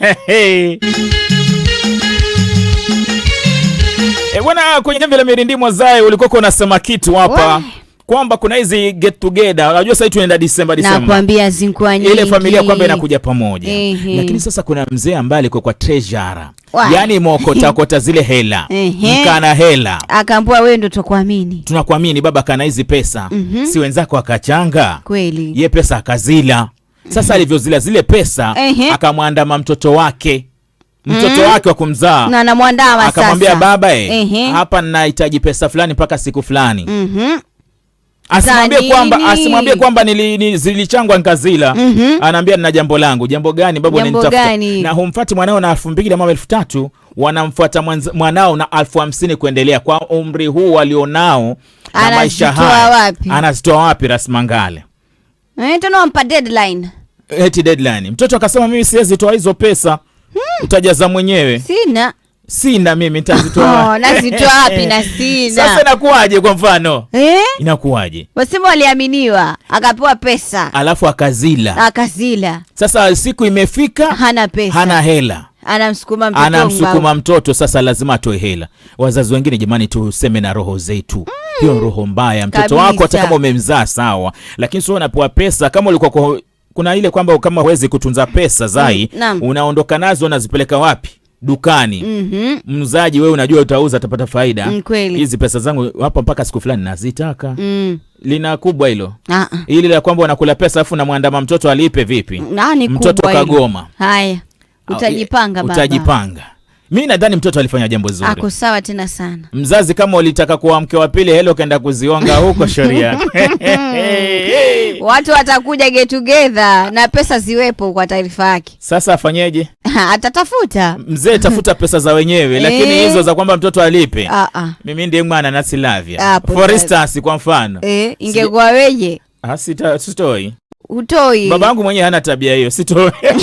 E bwana, kwenye jamvi la mirindi mwazae ulikuwa unasema kitu hapa kwamba kuna hizi get together, unajua sasa tunaenda December December nakwambia zingua nyingi, ile familia kwamba inakuja pamoja, Ehe. lakini sasa kuna mzee ambaye alikuwa kwa treasurer, yani mokota kota zile hela mkana hela, akaambua wewe ndio tutakuamini, tunakuamini baba, kana hizi pesa mm -hmm. si wenzako akachanga kweli, ye pesa akazila sasa mhm. alivyozila zile pesa akamwandama mtoto wake mtoto mm. wake wa kumzaa na anamwandaa akamwambia, baba e, hapa ninahitaji pesa fulani mpaka siku fulani mm Asimwambie kwamba asimwambie kwamba nilichangwa nkazila mm -hmm. Anaambia nina jambo langu. Jambo gani babu? Unanitafuta na humfuati mwanao na elfu mbili mama elfu tatu wanamfuata mwanao na elfu hamsini kuendelea. Kwa umri huu walionao na maisha haya, anazitoa wapi? Rasmangale eh, tunampa deadline eti deadline. Mtoto akasema mimi siwezi toa hizo pesa, hmm. utajaza mwenyewe. Sina sina mimi nitazitoa. Oh, nazitoa wapi na sina. Sasa inakuwaje kwa mfano? Eh? Inakuwaje? Wasema waliaminiwa, akapewa pesa. Alafu akazila. Akazila. Sasa siku imefika, hana pesa. Hana hela. Anamsukuma mtoto. Anamsukuma mtoto sasa lazima atoe hela. Wazazi wengine jamani, tuseme na roho zetu. Mm. Hiyo hmm. roho mbaya. Mtoto kabisa wako hata kama umemzaa sawa, lakini sio unapewa pesa kama ulikuwa kuna ile kwamba kama huwezi kutunza pesa zai, mm, unaondoka nazo unazipeleka wapi? Dukani. mm -hmm. Mzaji wewe unajua utauza, atapata faida. Mm, Hizi pesa zangu hapa mpaka siku fulani nazitaka. mm. Lina kubwa hilo ah. ili la kwamba wanakula pesa afu namwandama mtoto alipe vipi? Ah, mtoto kagoma? Haya, utajipanga eh, baba, utajipanga Mi nadhani mtoto alifanya jambo zuri. Ako sawa tena sana. Mzazi kama ulitaka kuwa mke wa pili, helo kaenda kuzionga huko sheria. Watu watakuja get together na pesa ziwepo kwa taarifa yake. Sasa afanyeje? Atatafuta. Mzee tafuta pesa za wenyewe lakini eh. hizo za kwamba mtoto alipe. A ah, -a. Ah. Mimi ndiye mwana na Silavia. Ah, For instance kwa mfano. Eh, ingekuwa weje? Hasita sitoi. Utoi. Babangu mwenyewe hana tabia hiyo, sitoi.